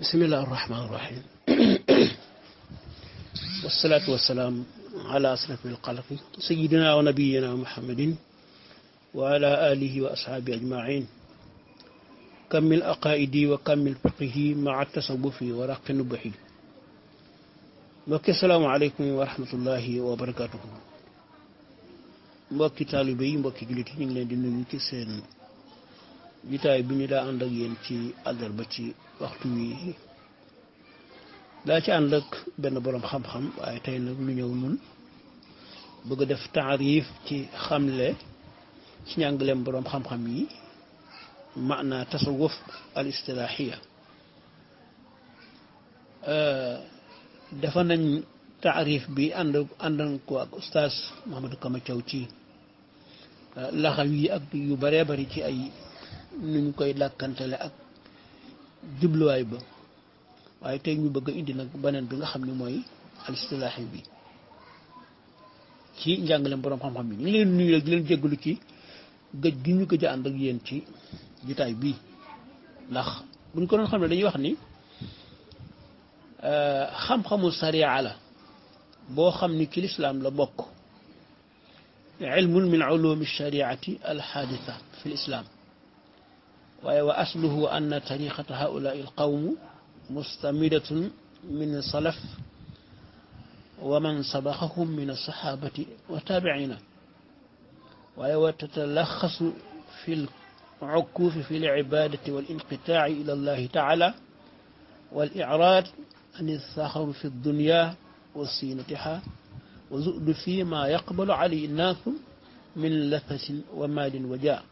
بسم الله الرحمن الرحيم والصلاة والسلام على أسلف القلق سيدنا ونبينا محمد وعلى آله وأصحابه أجمعين كم من أقائدي وكم من فقهي مع التصوف ورق النبحي السلام عليكم ورحمة الله وبركاته barakatuhu mbokki taalibe yi mbokki jullit yi جتاي بني لا عندك ينتي أدر بتي وقتوي لا تي عندك بين برام خم خم أي تي عندك لين يومون بقدر في تعريف تي خملة تي عندك برام خم خمي معنى تصوف الاستلاحية أه تعريف بي عندك عندك أستاذ محمد كما تشوتي لخوي أك يبرى بريتي أي nuñ koy làkkantale ak jubluwaay ba waaye tey ñu bëgg a indi nag beneen bi nga xam ne mooy al bi ci njàngaleem boroom xam-xam yi ñu ngi leen nuyu rek di ci gëj gi ñu gëj a ànd ak yéen ci jotaay bi ndax buñ ko doon xam ne dañuy wax ni euh, xam-xamu sariya la boo xam ni ci lislaam la bokk ilmun min ulumi shariati al xaadisa fi lislaam وأصله أن تاريخ هؤلاء القوم مستمدة من صلف ومن سبقهم من الصحابة وتابعين وتتلخص في العكوف في العبادة والانقطاع إلى الله تعالى والإعراض عن السخر في الدنيا وصينتها وزؤد فيما يقبل عليه الناس من لفة ومال وجاه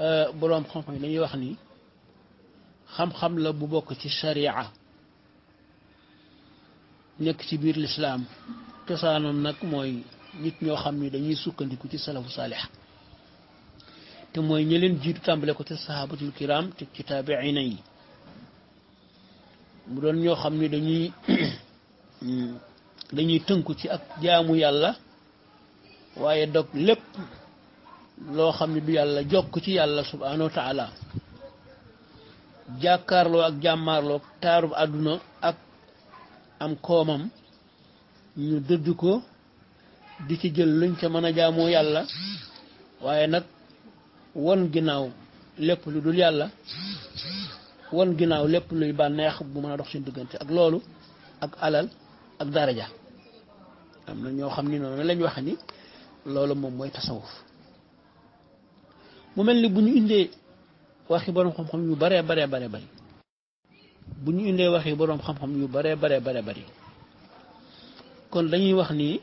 Euh, boroom xam-xam yi dañuy wax ni xam la bu bokk ci sharia nekk ci biir lislaam cosaanam nag mooy nit ñoo xam ni dañuy sukkandiku ci salafu saalix te mooy leen jiitu tàmbale ko ci sahabatul kiram te ci taabiina yi mu doon ñoo xam ni dañuy dañuy tënku ci ak jaamu yàlla waaye dog lépp loo xam ne du yàlla jokk ci yàlla subhaanahu wa jàkkaarloo ak jàmmaarloo taarub àdduna ak am koomam ñu dëdd ko di ci jël luñ ca mën a jaamoo yàlla waaye nag won ginnaaw lépp lu dul yàlla won ginnaaw lépp luy bànneex bu mën a dox seen duggante ak loolu ak alal ak daraja am na ñoo xam ni noonu lañ wax ni loolu moom mooy tasawuf mu mel ni bu ñu indee waxi borom xam-xam yu baree baree baree bari bu ñu indee waxi borom xam-xam yu baree bare baree bari kon dañuy wax ni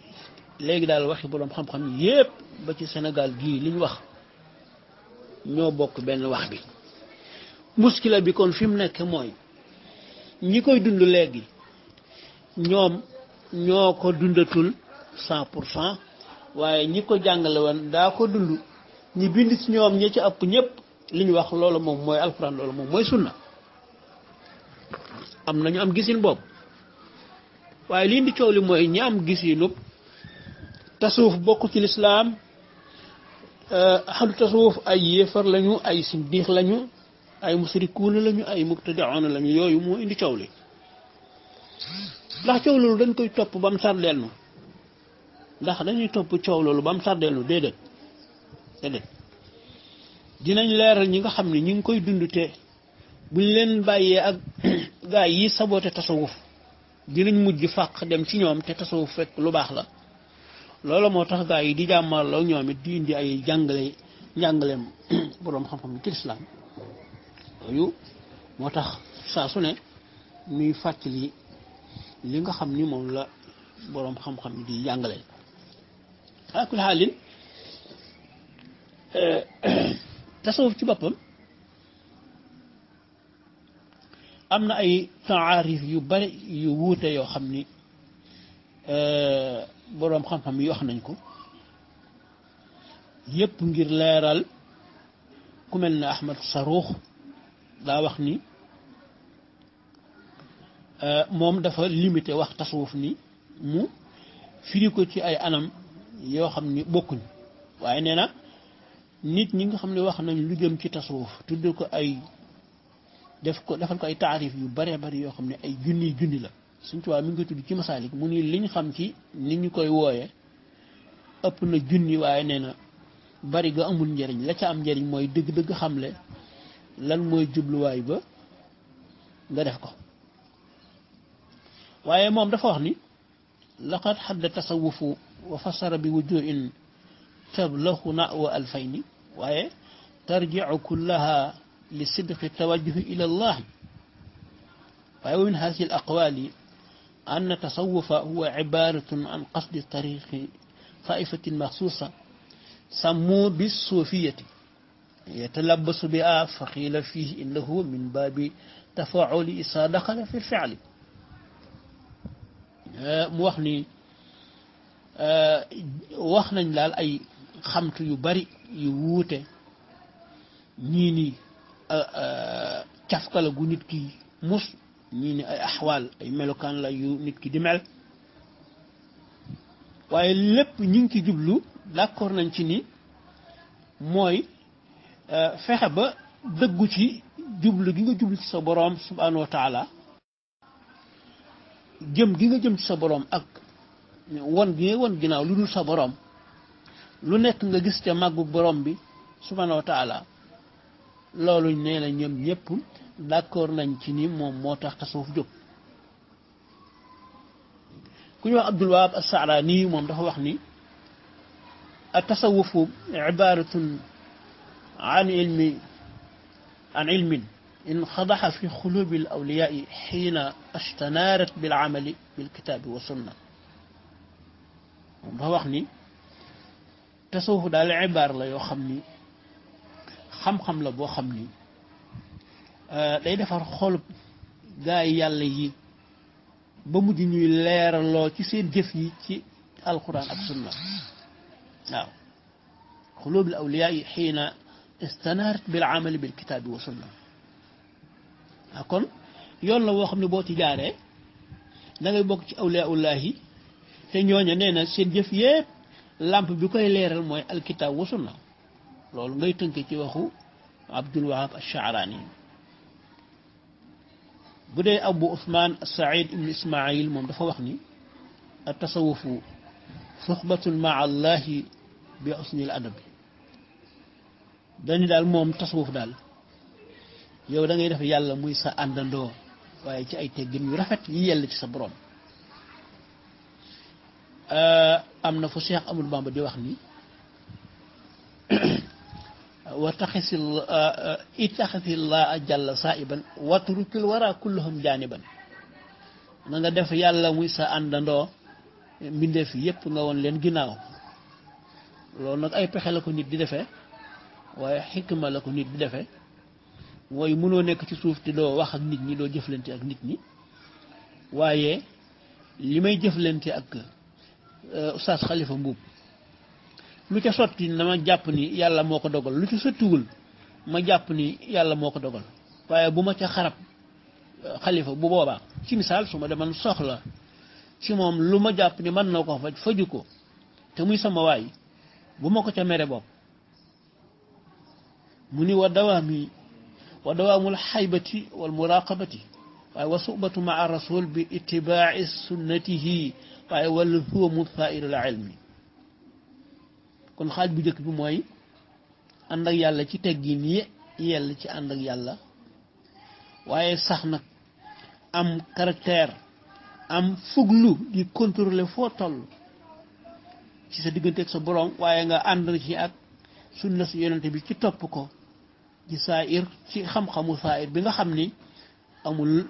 léegi daal waxi borom xam-xam yépp ba ci senegal gii li ñu wax ñoo bokk benn wax bi. muskila bi kon fi mu nekk mooy ñi koy dund léegi ñoom ñoo ko dundatul cent pour cent waaye ñi ko jàngale woon daa ko dund. ñi bind si ñoom ñi ci ëpp ñëpp li ñu wax loolu moom mooy alxuraan loolu moom mooy sunna am nañu am gisin boobu waaye lii di coow li mooy ñi am gisinub tasuuf bokk ci lislaam eh, axadu tasuuf ay yéefar lañu ay sindiix lañu ay musrikuuna lañu ay mubtadi'oona lañu yooyu moo indi coow li ndax coow loolu dañ koy topp ba mu sàrdeelnu ndax dañuy topp coow loolu ba mu sàrdeelnu déedéet déedéet dinañ leeral ñi nga xam ne ñi ngi koy dund te buñ leen bàyyee ak gaa yi saboote tasawuf dinañ mujj fàq dem ci ñoom te tasawuf fekk lu baax la loolu moo tax gaa yi di jàmmarloo ñoom it di indi ay jàngale njàngaleem boroom xam-xam ci lislaam yooyu moo tax saa su ne muy fàttali li nga xam ni moom la boroom xam-xam di jàngale alaa kulli xaalin Euh, tasawuf ci bappam am na ay taarif yu bari yu wuute yoo xam ni euh, boroom xam-xam yi wax nañ ko yépp ngir leeral ku mel ne Ahmad Saruux daa wax ni euh, moom dafa limité wax tasawuf ni mu firi ko ci ay anam yoo xam ni bokkuñ waaye nee nit ñi nga xam ne wax nañ lu jëm ci tasawuf tudd ko ay def ko defal ko ay taarif yu bare bari yoo xam ne ay junniy junni la suñ tubaab mi ngi koy tudd ci masaalik mu ni liñ xam ci ni ñu koy wooye ëpp na junni waaye nee na bari ga amul njariñ la ca am njëriñ mooy dëgg-dëgg xamle lan mooy jubluwaay ba nga def ko waaye moom dafa wax ni laqad xadda tasawufu wa fasara bi wujuhin tablahu na wa alfayni ترجع كلها لصدق التوجه إلى الله ومن هذه الأقوال أن تصوف هو عبارة عن قصد طريق طائفة مخصوصة سموه بالصوفية يتلبس بها فقيل فيه إنه من باب تفاعل إسا دخل في الفعل موخني آه، وخنا لا أي خمت يبرئ yu wuute ñii ni cafkala gu nit ki mus ñii ay axwaal ay melokaan la yu nit ki di mel waaye lépp ñi ngi ci jublu d'accord nañ ci ni mooy fexe ba dëggu ci jublu gi nga jublu ci sa boroom subhaanahu wa jëm gi nga jëm ci sa boroom ak won gi nga won ginnaaw lu dul sa boroom lu nekk nga gis ca màggu borom bi subhanahu wa taala loolu nee na ñoom ñëpp d' accord nañ ci ni moom moo tax tasawuf jóg ku ñu wax abdul wahab assaalaani moom dafa wax ni an ilmi التصوف عبارة عن علم عن علم انخضح في قلوب الأولياء حين اشتنارت بالعمل بالكتاب والسنة dafa wax ni tasawuf daal ibaar la yoo xam ni xam-xam la boo xam ni euh, day defar xolub gaay yàlla yi ba mujj ñuy leeraloo ci seen jëf yi ci alquran ak sunna waaw xulub al awliya yi xiina istanarat bil amali bil kitaabi wa sunna waaw kon yoon la woo xam ne boo ci jaaree da bokk ci awliya ullahi te ñooña nee na seen jëf yépp làmp bi koy leeral mooy alkitaab wa sunna loolu ngay tënk ci waxu Abdul Wahab Ash-Sha'rani bu dee Abu Usman Saïd ibn Ismaïl moom dafa wax ni at-tasawufu suxbatun ma allahi bi usnil adabi dañu daal moom tasawuf daal yow dangay def yàlla muy sa àndandoo waaye ci ay teggin yu rafet yi yell ci sa borom Euh, am na fu Cheikh amul Bamba di wax ni wa taxisi uh, uh, itaxisi laa jàlla saahiban watrukil wara kulluhum jaaniban na nga def yàlla muy sa àndandoo mbindeef yépp nga woon leen ginnaaw loolu nag ay pexe la ko nit di defe waaye xikma la ko nit di defe mooy mënoo nekk ci suuf te doo wax ak nit ñi doo jëflante ak nit ñi waaye li may jëflante ak Euh, oustaz xalifa mbuub lu ca sotti dama jàpp ni yàlla moo ko dogal lu ca sottiwul ma jàpp ni yàlla moo ko dogal waaye bu ma ca xarab xalifa euh, bu boobaa ci misaal su ma deman soxla ci moom lu ma jàpp ni man na ko faj faju ko te muy sama waay bu ma ko ca mere bopp mu ni wa dawaami wa dawaamul xaybati wal muraqabati waaye wa subatu maa rasul bi itibaa'i sunnatihi waaye wala huwa musaa'irul ilmi kon xaaj bu njëkk bi mooy ànd ak yàlla ci teggin yi yell ci sax am caractère am fuglu di contrôler foo toll ci sa diggante ak sa borom waaye nga ànd ci ak sunna si yonente bi ci topp ko ci saa'ir ci xam-xamu bi nga amul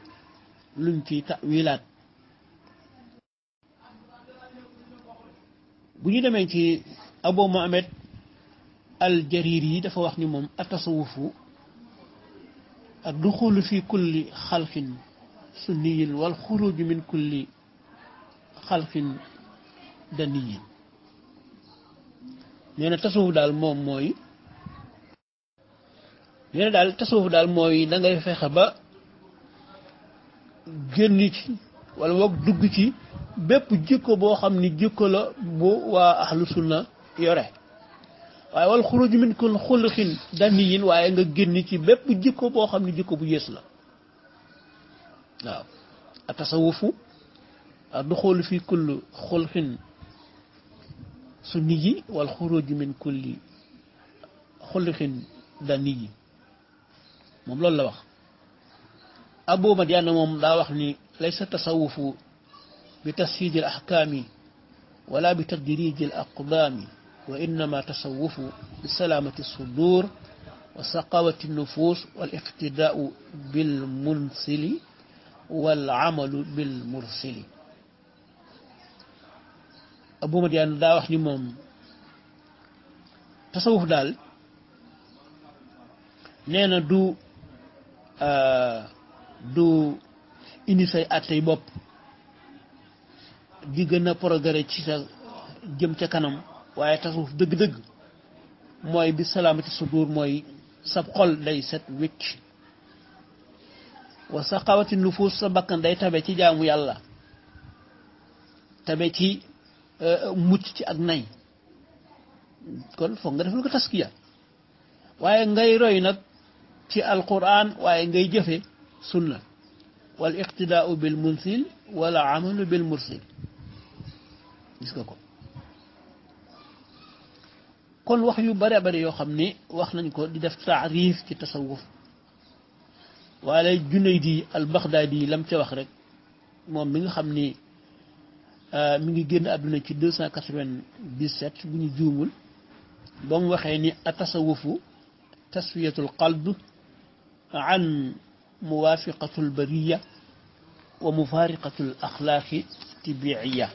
luñ ciy tawilaat bu ñu demee ci abu mohamed al jarir yi dafa wax ni moom atasawufu ad duxulu fi kulli xalqin sunniyin wal xuruju min kulli xalqin daniyin nee tasawuf daal moom mooy nee daal tasawuf daal mooy da fexe ba génn ci wala boog dugg ci bépp jikko boo xam ni jikko la bu waa ahlu sunna yore waaye wal xuruj min kun xuluxin daniyin waaye nga génn ci bépp jikko boo xam ni jikko bu yées la waaw a tasawufu a duxoolu fi su xuluxin sunni yi wal xuruj min kulli xuluxin daniyin moom loolu la wax أبو مديان موم لا وخني ليس تصوف بتسييد الأحكام ولا بتدريج الأقدام وإنما تصوف بسلامة الصدور وسقاوة النفوس والاقتداء بالمنسل والعمل بالمرسل أبو مديان لا وخني موم تصوف دال نينا دو آه du indi say àttey bopp di gën a progrès ci sa jëm ca kanam waaye tasawuf dëgg-dëgg mooy bi salaamati sudur mooy sab xol day set wécc wa sa xawati nufuus sa bakkan day tabe ci jaamu yàlla tabe ci euh, mucc ci ak nay kon foog nga defal ko taskiya waaye ngay roy nag ci alquran waaye ngay jëfe sunna wal iqtidaau bil munsil wala amalu bil mursil gis nga ko kon wax yu bare bare yoo xam ni wax nañ ko di def taarif ci tasawuf waaye Junayd al Baxdaadi lam ca wax rek moom mi nga xam ni euh, mi ngi génn àdduna ci deux cent quatre vingt bu ñu juumul ba mu waxee ni atasawufu tasfiyatul an موافقة البرية ومفارقة الأخلاق الطبيعية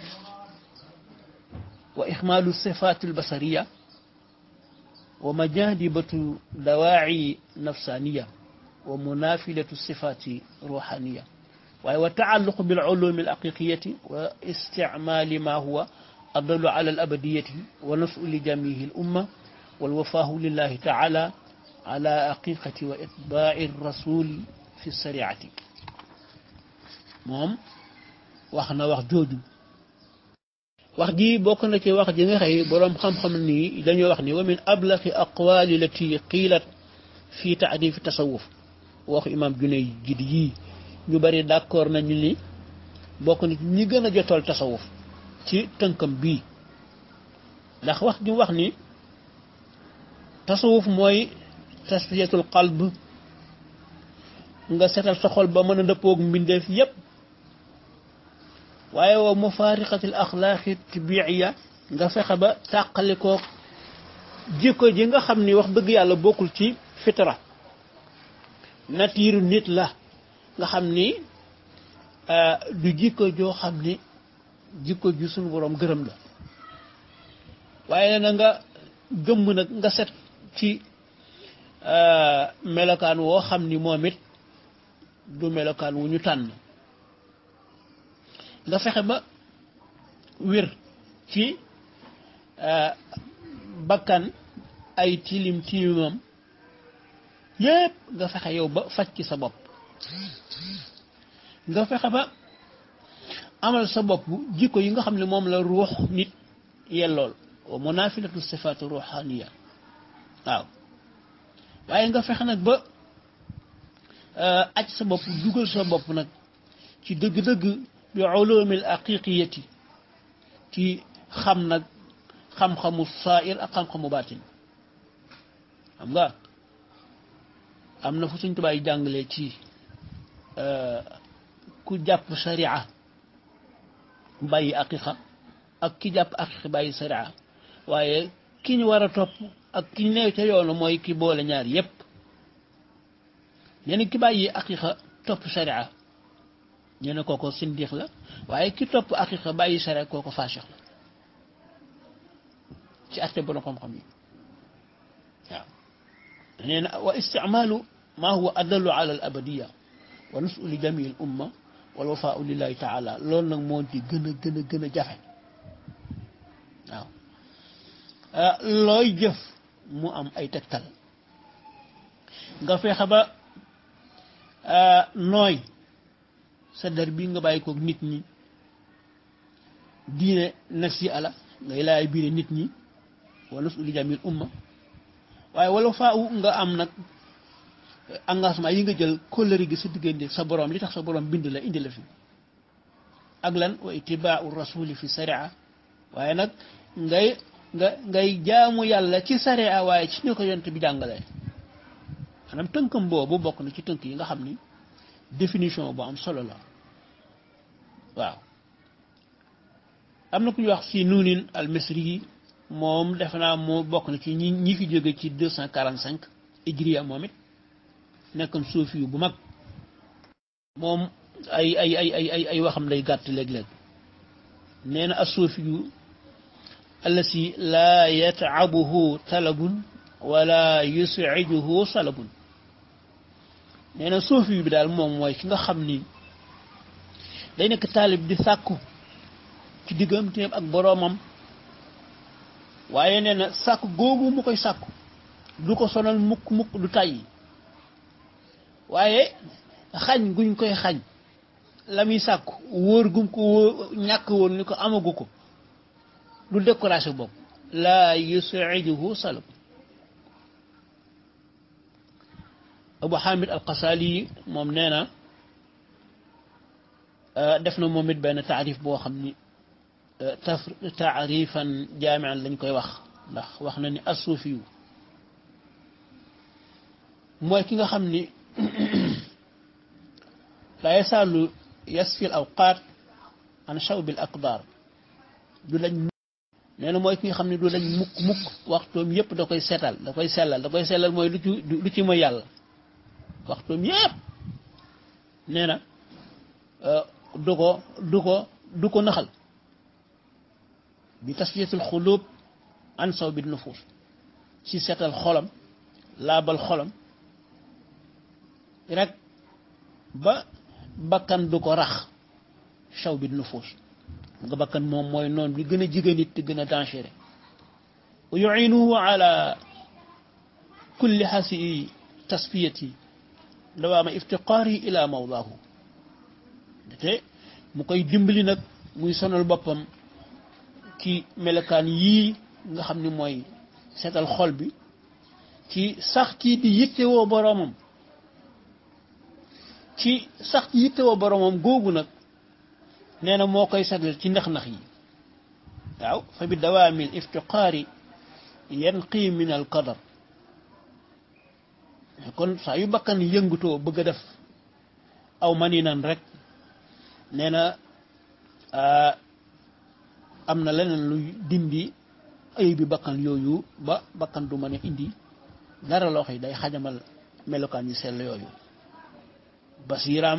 وإخمال الصفات البصرية ومجادبة دواعي نفسانية ومنافلة الصفات روحانية وتعلق بالعلوم الحقيقية واستعمال ما هو أضل على الأبدية ونفع لجميع الأمة والوفاه لله تعالى على حقيقة وإتباع الرسول fi sariati moom wax na wax jooju wax ji bokk na ci wax ji nga xëy boroom xam-xam nii dañoo wax ni wa min ablaqi aqwaali lati qiilat fi taarifi tasawuf waxu imam junne gid yii ñu bari d'accord nañu ni bokk na ñi gën a jotool tasawuf ci tënkam bi ndax wax ji wax ni tasawuf mooy tasfiyatul qalb nga seetal sa xol ba mën a dëppoog mbindeef yépp waaye wa mufaariqatil axlaaqi tibiiya nga fexe ba tàqalikoog jikko ji nga xam ni wax dëgg yàlla bokkul ci fitra natiiru nit la nga xam ni euh, du jikko joo xam ni jikko ju suñu boroom gërëm la waaye na nga gëmm nag nga set ci euh, melokaan woo xam ni moom it du melokaan wu ñu tànn nga fexe ba wér ci euh, bakkan ay tilim tilimam yépp nga fexe yow ba faj ci sa bopp nga fexe ba amal sa bopp jikko yi nga xam ne moom la ruux nit yellool wa munafilatu sifaatu ruuxaniya waaw waaye nga fexe nag ba Euh, aj sa bopp dugal sa bopp nag ci dëgg-dëgg bi ulumil aqiqiyati ci xam nag xam-xamu saa'ir ak xam-xamu baatin xam nga am na fu suñ tubaay jàngalee ci euh, ku jàpp sariya bàyyi aqiqa ak ki jàpp aqiqa bàyyi sariya waaye ki ñu war a topp ak ki ñu neew ca yoonu mooy ki boole ñaar yépp yéen ki bàyyi aqiqa topp sharia ñu ne kooko sindiix la waaye ki topp aqiqa bàyyi sharia kooko faasix la ci atte borom xam-xam yi waaw nee na wa isticmaalu ma huwa adallu ala al abadiya wa nusu li jamii al umma wal wafaau lillahi taala loolu nag moo di gën a gën a gën a jafe waaw looy jëf mu am ay tegtal nga fexe ba Euh, nooy sa der bi nga bàyyi kook nit ñi diine nafsi ala ngay laay biire nit ñi wala su li jamil umma waaye wala faaw nga am nag euh, engagement yi nga jël kóllëre gi sa diggante sa borom li tax sa borom bind la indi la fi ak lan wa itibaau rasuli fi sari'a waaye nag ngay nga ngay jaamu yàlla ci sari'a waaye ci ñu ko yonent bi jàngale maanaam tënkam boobu bokk na ci tënk yi nga xam ni définition bu am solo la waaw am na ku ñuy wax si nuunin al misri yi moom defe naa moo bokk ci ñi jóge ci deux cent quarante cinq hijriya moom it nekkoon suufi bu mag moom ay ay ay waxam lay gàtt léeg-léeg nee na as-suufi yu allasi laa yataabuhu talabun wala yusijuhu salabun nee na soofi bi daal moom mooy ci nga xam ni day nekk taalib di sàkku ci digganteem ak boroomam waaye nee na sàkku googu mu koy sàkku du ko sonal mukk mukk du tàyyi waaye xañ guñ koy xañ la muy sàkku wóor gum ko wóor ñàkk woon ni ko amagu ko du découragé bopp laa yusiduhu salab abu hamid al xasaali moom nee na euh, def na moom it benn taarif boo xam ni euh, taf taarifan jaamian lañ koy wax ndax wax na ni asuufi yu mooy ki nga xam ni la yasaalu yasfi al awqaat an shawbil aqdaar du lañ nee na mooy ki nga xam ne du lañ mukk mukk waxtoom yépp da koy setal da koy sellal da koy sellal mooy lu ci lu yàlla waxtum yépp nee na du ko du ko du ko naxal bi tasfiyatul xulub an saw bi nufuus ci setal xolam laabal xolam rek ba bakkan du ko rax saw bi nufuus nga bakkan moom mooy noonu bi gën a jige nit te gën a dangereux yuinuhu ala kulli hasi tasfiyati لوام افتقاري الى مولاه دتي mu ديمبلي dimbali موي سونال بوبام كي ملكان يي nga xamni moy setal xol bi ci sax ci di yitté wo boromam ci sax ci yitté wo boromam gogu nak neena mo koy seetal ci ndax-ndax yi waaw fa bi dawamil iftiqari yanqi min al qadar kon sa yu bakkan yëngutoo bëgg def aw maninan rek nee na am na leneen luy dimbi ay bi bakkan yooyu ba bakkan du mën indi dara loo xëy day xajamal melokaan yu sell yooyu basiram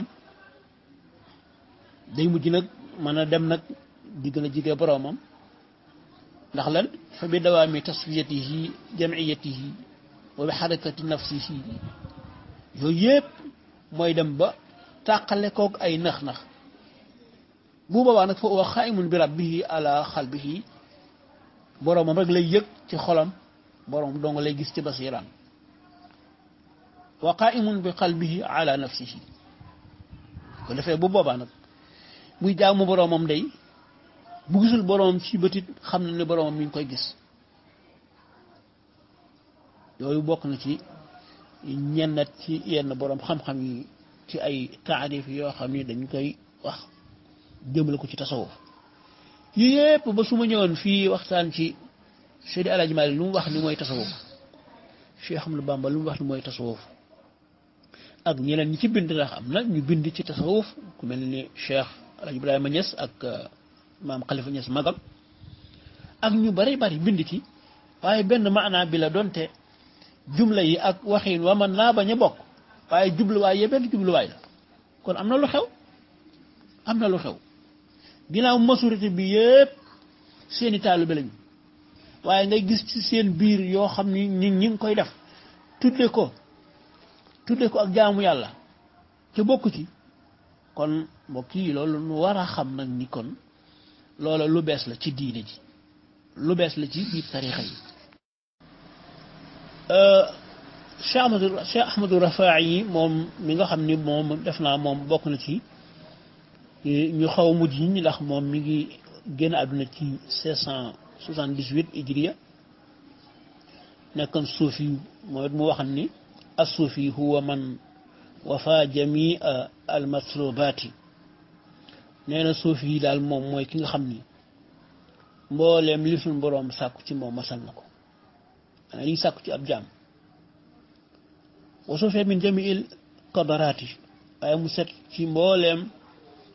day mujj nag mën a dem nag di gën a jige boromam ndax lan fa bi dawaami tasfiyatihi jamciyatihi wa bi xarakati nafsihi yooyu yépp mooy dem ba tàqale koog ay nax-nax bu boobaa nag fa bi xaa'imun bi rabbihi ala xalbihi boroomam rek lay yëg ci xolam boroom dong lay gis ci basiiraan waa qaa'imun bi qalbihi ala nafsihi ko defee bu boobaa nag muy jaamu boroomam day bu gisul boroomam ci bëtit xam na ne boroomam mi ngi koy gis loolu bokk na ci ñenn ci yenn boroom xam-xam yi ci ay taarif yoo xam ni dañ koy wax jëmale ko ci tasawuf yii yëpp ba su ma ñëwoon fii waxtaan ci Seydi Alaaji Maalik lu mu wax ni mooy tasawuf Cheikh Ahmadou Bamba lu mu wax ni mooy tasawuf ak ñeneen ñi ci bind ndax am na ñu bind ci tasawuf ku ni Cheikh Alaaji Ibrahima Niass ak euh, maam Khalifa Niass ñu bari bari bind ci waaye benn maanaa bi la donte jumla yi ak waxin wa mën naa bañ a bokk waaye jubluwaay yëpp jubluwaay la kon am na lu xew am na lu xew ginnaaw majorité bi yëpp seeni taalibe lañu waaye ngay gis ci seen biir yoo xam ni ñi ñi ngi koy def tudde ko tudde ko ak jaamu yàlla te bokk ci kon mbokk yi loolu nu war a xam nag ni kon loola lu bees la ci diine ji lu bees la ci biir tarixa yi Cheikh Ahmadou Cheikh Ahmadou Rafahi moom mi nga xam ni moom def naa moom bokk na ci ñu xaw a mujj ñi ndax moom mi ngi génn àdduna ci 578 hijriya nekkoon suufi mooy mu wax ni as-suufi huwa man wafa jamia almatlubaati nee na suufi yi daal moom mooy ki nga xam ni mbooleem li suñ boroom sàkku ci moom masal na ko أنا لي ساكتي أبجام وصف من جميع القدرات أي مسات في مولم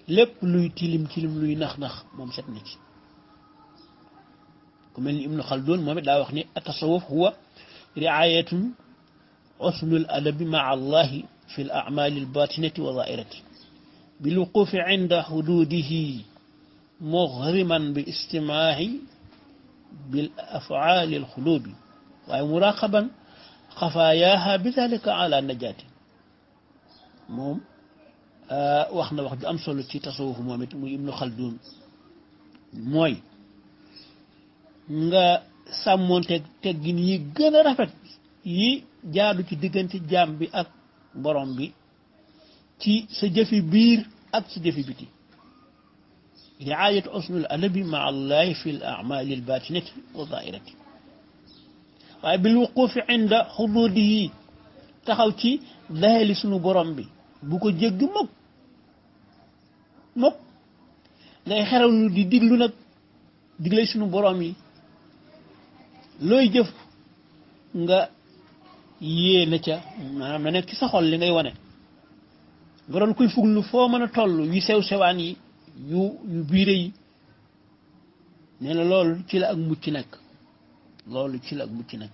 لب لوي تلم تلم لوي نخ نخ ممسات نتي كما أن ابن خلدون ما لا وخني التصوف هو رعاية أصل الأدب مع الله في الأعمال الباطنة والظاهرة بالوقوف عند حدوده مغرما باستماع بالأفعال الخلوبي waaye muraqaban xafaayaaha bi dalika ala najaati moom ah, wax na wax ju am solo ci tasawuf moom it muy ibnu xaldun mooy nga sàmmoonteeg teggin yi gën a rafet yi jaadu ci diggante jaam bi ak borom bi ci sa jëfi biir ak sa jëfi biti riayatu usnul adabi ma allahi fi l amali al batinati wa dairati waaye bil wuqufi inda xuduudihi taxaw ci dayali sunu borom bi bu ko jégg mukk mukk ngay xeraw lu di diglu nag digle sunu borom yi looy jëf nga yéene ca ma nekk ci sa xol li ngay wane nga doon kuy fuglu foo mën a toll yu sew sewaan yi yu yu biire yi ne na loolu ci la ak mucc nekk loolu ci la ak bu ci nekk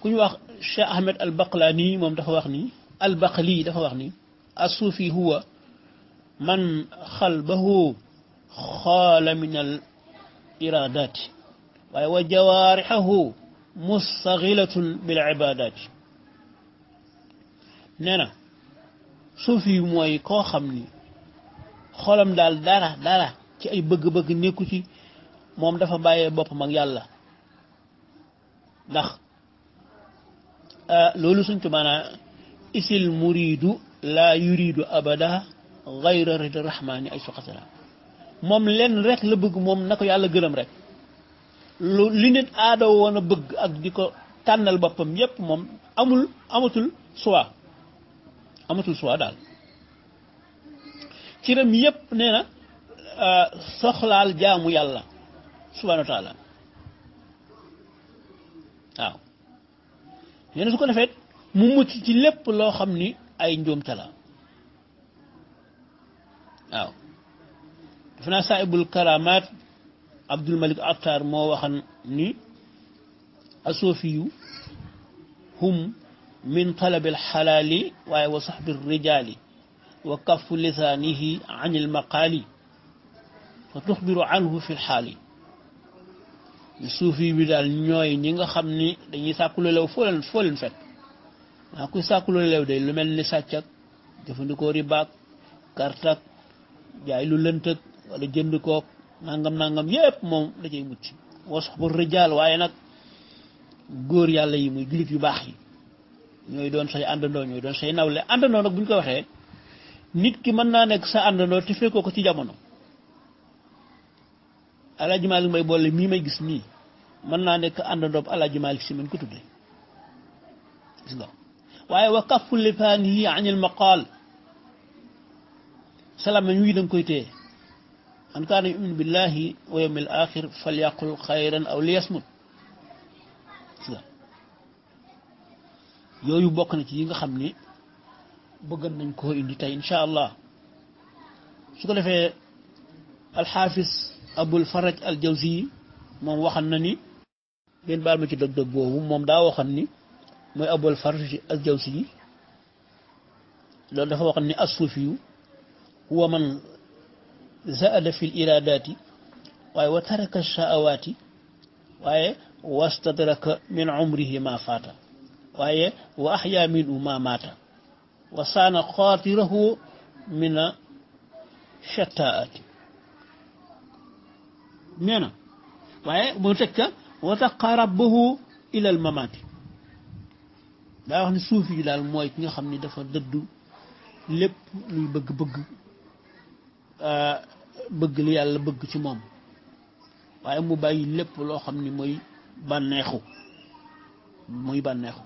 ku ñu wax Cheikh Ahmed al Baqlani moom dafa wax ni al Baqli dafa wax ni asufi huwa الصوفي هو من خلبه خال من الإرادات وجوارحه مستغلة بالعبادات نانا صوفي موي كو خمني xolam daal dara dara ci ay bëgg-bëgg nekku ci moom dafa bàyyee boppam ak yàlla ndax euh, loolu suñ tumaanaa isil muridu la yuridu abada gayra rida rahmaani ay suqasala moom lenn rek la bëgg moom na ko yàlla gërëm rek lu li nit aada woon a bëgg ak di ko tànnal boppam yépp moom amul amatul suwa amatul suwa daal تيرم ييب نينا سخلال جامو يالا سبحانه وتعالى واو نينا سوكو نافيت مو موت سي ليپ لو خامني اي نجوم تالا واو فنا صاحب الكرامات عبد الملك عطار مو وخان ني الصوفيو هم من طلب الحلال وصحب الرجال وكف لسانه عن المقال فتخبر عنه في الحال suufi bi daal ñooy ñi nga xam ni dañuy sàkkulu lew foo leen foo leen fekk mel ni sàcc ak jëfandikoo ribaak lu lënt ak wala jënd koog nangam nangam yépp moom da cay mucc was bu rëjaal waaye nag góor yàlla yi muy julit nit ki mën naa nekk sa àndandoo te fekkoo ko ci jamono Alaaji Maalik may boole mii may gis nii mën naa nekk àndandoo Alaaji Maalik si mën ko tudde gis nga waaye wa kaffu lifaanihi maqaal salaam nañ wii danga koy téye an kaana yumin billahi wa yawmil axir fal yaqul xayran aw liyasmut yooyu bokk na ci yi nga xam ni بغن نكو اندي تاي ان شاء الله سوكو ديفه الحافظ ابو الفرج الجوزي موم واخان ناني ген بال ما سي دغ دغ بوبو موم دا واخان ني موي ابو الفرج الجوزي لول دا واخان ني الصوفي هو من زاد في الارادات واي وترك الشهوات واي واستدرك من عمره ما فات واي واحيا منه ما مات وصان قاتله من شتاءات مينا واي بوتك ربه الى الممات دا واخني صوفي دال موي كيغا خامني دافا ددو لب لي بغ بغ ا آه، بغ لي يالا بغ سي موم واي مو باي لب لو خامني موي بانيخو موي بانيخو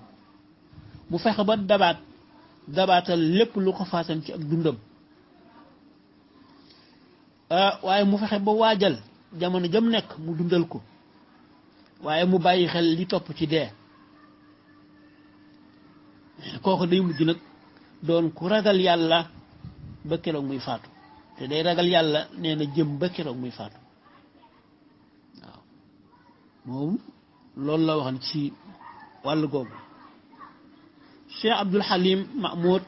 مو فخ با دبات dabaatal lépp lu ko faatan ci ak dundam ah, waaye mu fexe ba waajal jamono jëm nekk mu dundal ko waaye mu bàyyi xel di topp ci dee kooku day mujj nag doon ku ragal yàlla ba keroog muy faatu te day ragal yàlla neena na jëm ba keroog muy faatu waaw moom loolu la waxoon ci wàll googu cheikh abdul halim mahmoud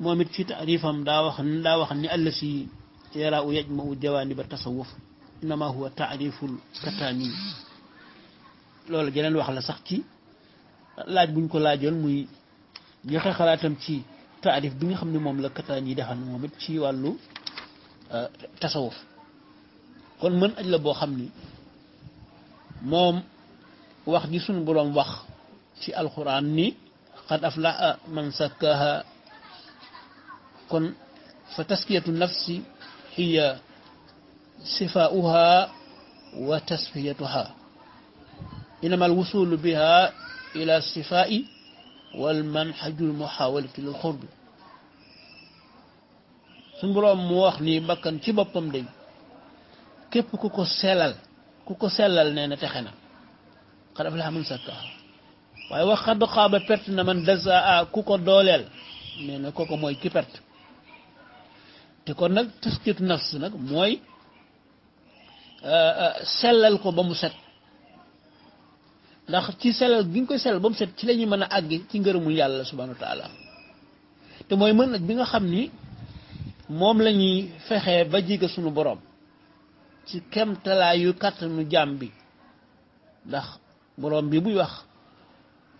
moom it ci taarifam daa wax daa wax ni allasi yara u yajma u jawaaniba tasawuf innama huwa taariful kataami loolu jeneen wax la sax ci laaj buñ ko laajoon muy joxe xalaatam ci taarif bi nga xam ni moom la kataan yi defal moom it ci wàllu euh, tasawuf kon mën aj la boo xam ni moom wax ji suñu boroom wax ci alxuraan ni قد أفلح من سكاها فتسكية النفس هي صفاؤها وتسفيتها إنما الوصول بها إلى الصفاء والمنحج المحاولة للخرب sun borom mu wax ni bakkan ci boppam de kep ku ko selal ku ko selal neena taxena waaye wax xadd xaaba perte na man dasa ku ko dooleel nee na koko mooy ki perte te kon nag taskitu si nag mooy sellal ko ba mu set ndax ci sellal gi ñu koy sellal ba mu set ci lañuy ñuy mën a àgg ci ngërëmu yàlla subhanahu wa taala te mooy mën nag bi nga xam ni moom lañuy ñuy fexee ba jege suñu boroom ci kemtalaayu kàttanu jaam bi ndax borom bi buy wax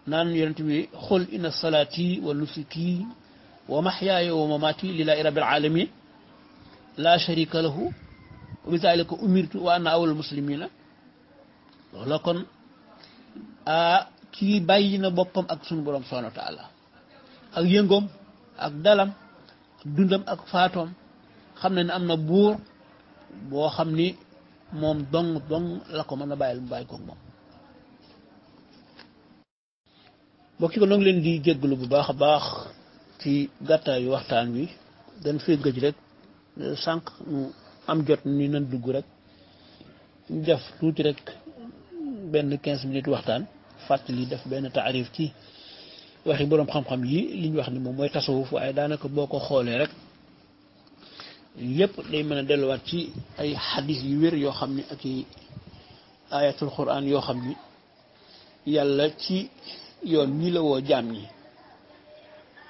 naan yonent bi xul inna salaati wa nusuki wa mahyaaya wa mamaati lillaahi rabbil aalamiin laa sharika lahu wa bi zaalika umirtu wa ana awwalul muslimiina loolu kon ah kii bàyyi na boppam ak sunu borom subhaanahu wa taala ak yëngoom ak dalam ak dundam ak faatoom xam na ne am na buur boo xam ni moom dong dong la ko mën a bàyyil mu bàyyi koog moom. mbokk yi ko ngi leen di jégalu bu baax a baax ci gàttaayu waxtaan wi dañ fee gëj rek euh, sànq ñu am jot ni nan dugg rek ñu def tuuti rek benn quinze minutes waxtaan fàttali def benn taarif ci waxi boroom xam-xam yi li wax ni moom mooy tasawuf waaye daanaka boo ko xoolee rek yépp day mën a delluwaat ci ay xadis yu wér yoo xam ni ak i ayatul quran yoo xam ni yàlla ci yoon ñi la woo jaam ñi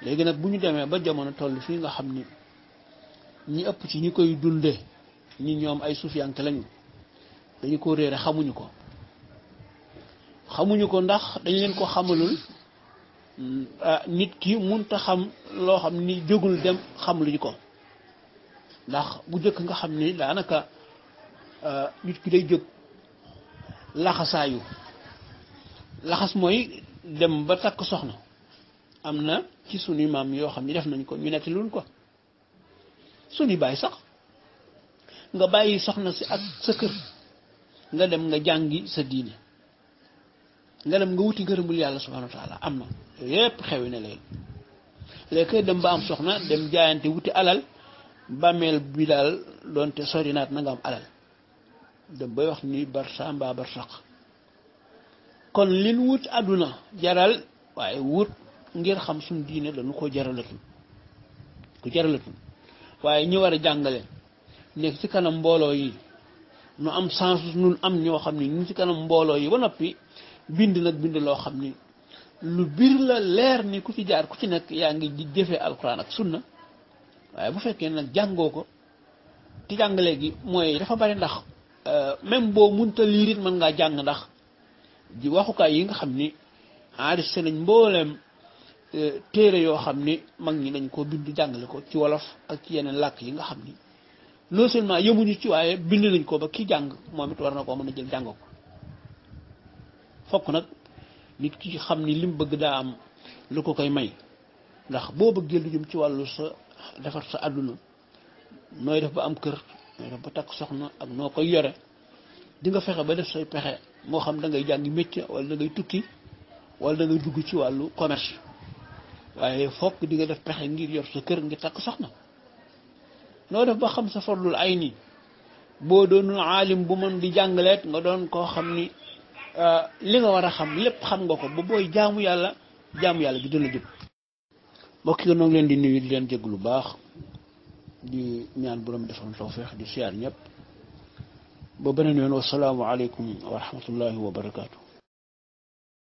léegi nag bu ñu demee ba jamono toll fii nga xam ni ñi ëpp ci ñi koy dunde ñi ñoom ay suufiyanke lañu dañu ko réere xamuñu ko xamuñu ko ndax dañu leen ko xamalul ah, nit ki munta xam loo xam ni jógul dem xam luñu ko ndax bu jëkk nga xam ni daanaka ah, nit ki day jóg laxasaayu laxas mooy dem ba takk soxna am na ci sunuy maam yoo xam ni def nañ ko ñu nekk lul ko suñu bàyyi sax nga bàyyi soxna si ak sa kër nga dem nga jàngi sa diine nga dem nga wuti ngërëmul yàlla subhanahu wa taala am na yépp xewi na leen léegi dem ba am soxna dem jaayante wuti alal bàmmeel bi daal doonte sori naat na nga am alal dem bay wax ni barsa mbaa barsaq kon lin wut àdduna jaral waaye wut ngir xam suñ diine dañu ko jaralatul ku jaralatul waaye ñi war a jàngale nekk ci kanam mbooloo yi nu am sens nun am ñoo xam ne ñu ci kanam mbooloo yi ba noppi bind nag bind loo xam ni lu biir la leer ni ku ci jaar ku ci nekk yaa ngi di jëfee alquran ak sunna waaye bu fekkee nag jàngoo ko ci jàngale gi mooy dafa bari ndax euh, même boo munta liirit mën ngaa jàng ndax di waxukaay yi nga xam ni se nañ mboolem eh, téere yoo xam ni mag ñi nañ ko bind jàngale ko ci wolof ak ci yeneen làkk yi nga xam ni non seulement yemuñu ci waaye bind nañ ko ba ki jàng moom it war na koo mën a jël jàng ko fokk nag nit ki xam ni lim bëgg daa am lu ko koy may ndax boo bëggee lu jëm ci wàllu sa defar sa àdduna nooy def ba am kër nooy def ba takk soxna ak noo koy yore di nga fexe ba def say pexe moo xam da ngay jàngi métier wala dangay tukki wala da ngay dugg ci wàllu commerce waaye fokk di nga def pexe ngir yor sa kër ngir takk soxna noo def ba xam sa farlul ay nii boo doonul aalim bu mën di jàngaleet nga doon koo xam ni euh, li nga war a xam lépp xam nga ko ba booy jaamu yàlla jaamu yàlla bi dina jub mbokk yi noo ngi leen di nuyu di leen jégg lu baax di ñaan borom defal tawfeex di siyaar ñëpp ببنن والسلام عليكم ورحمة الله وبركاته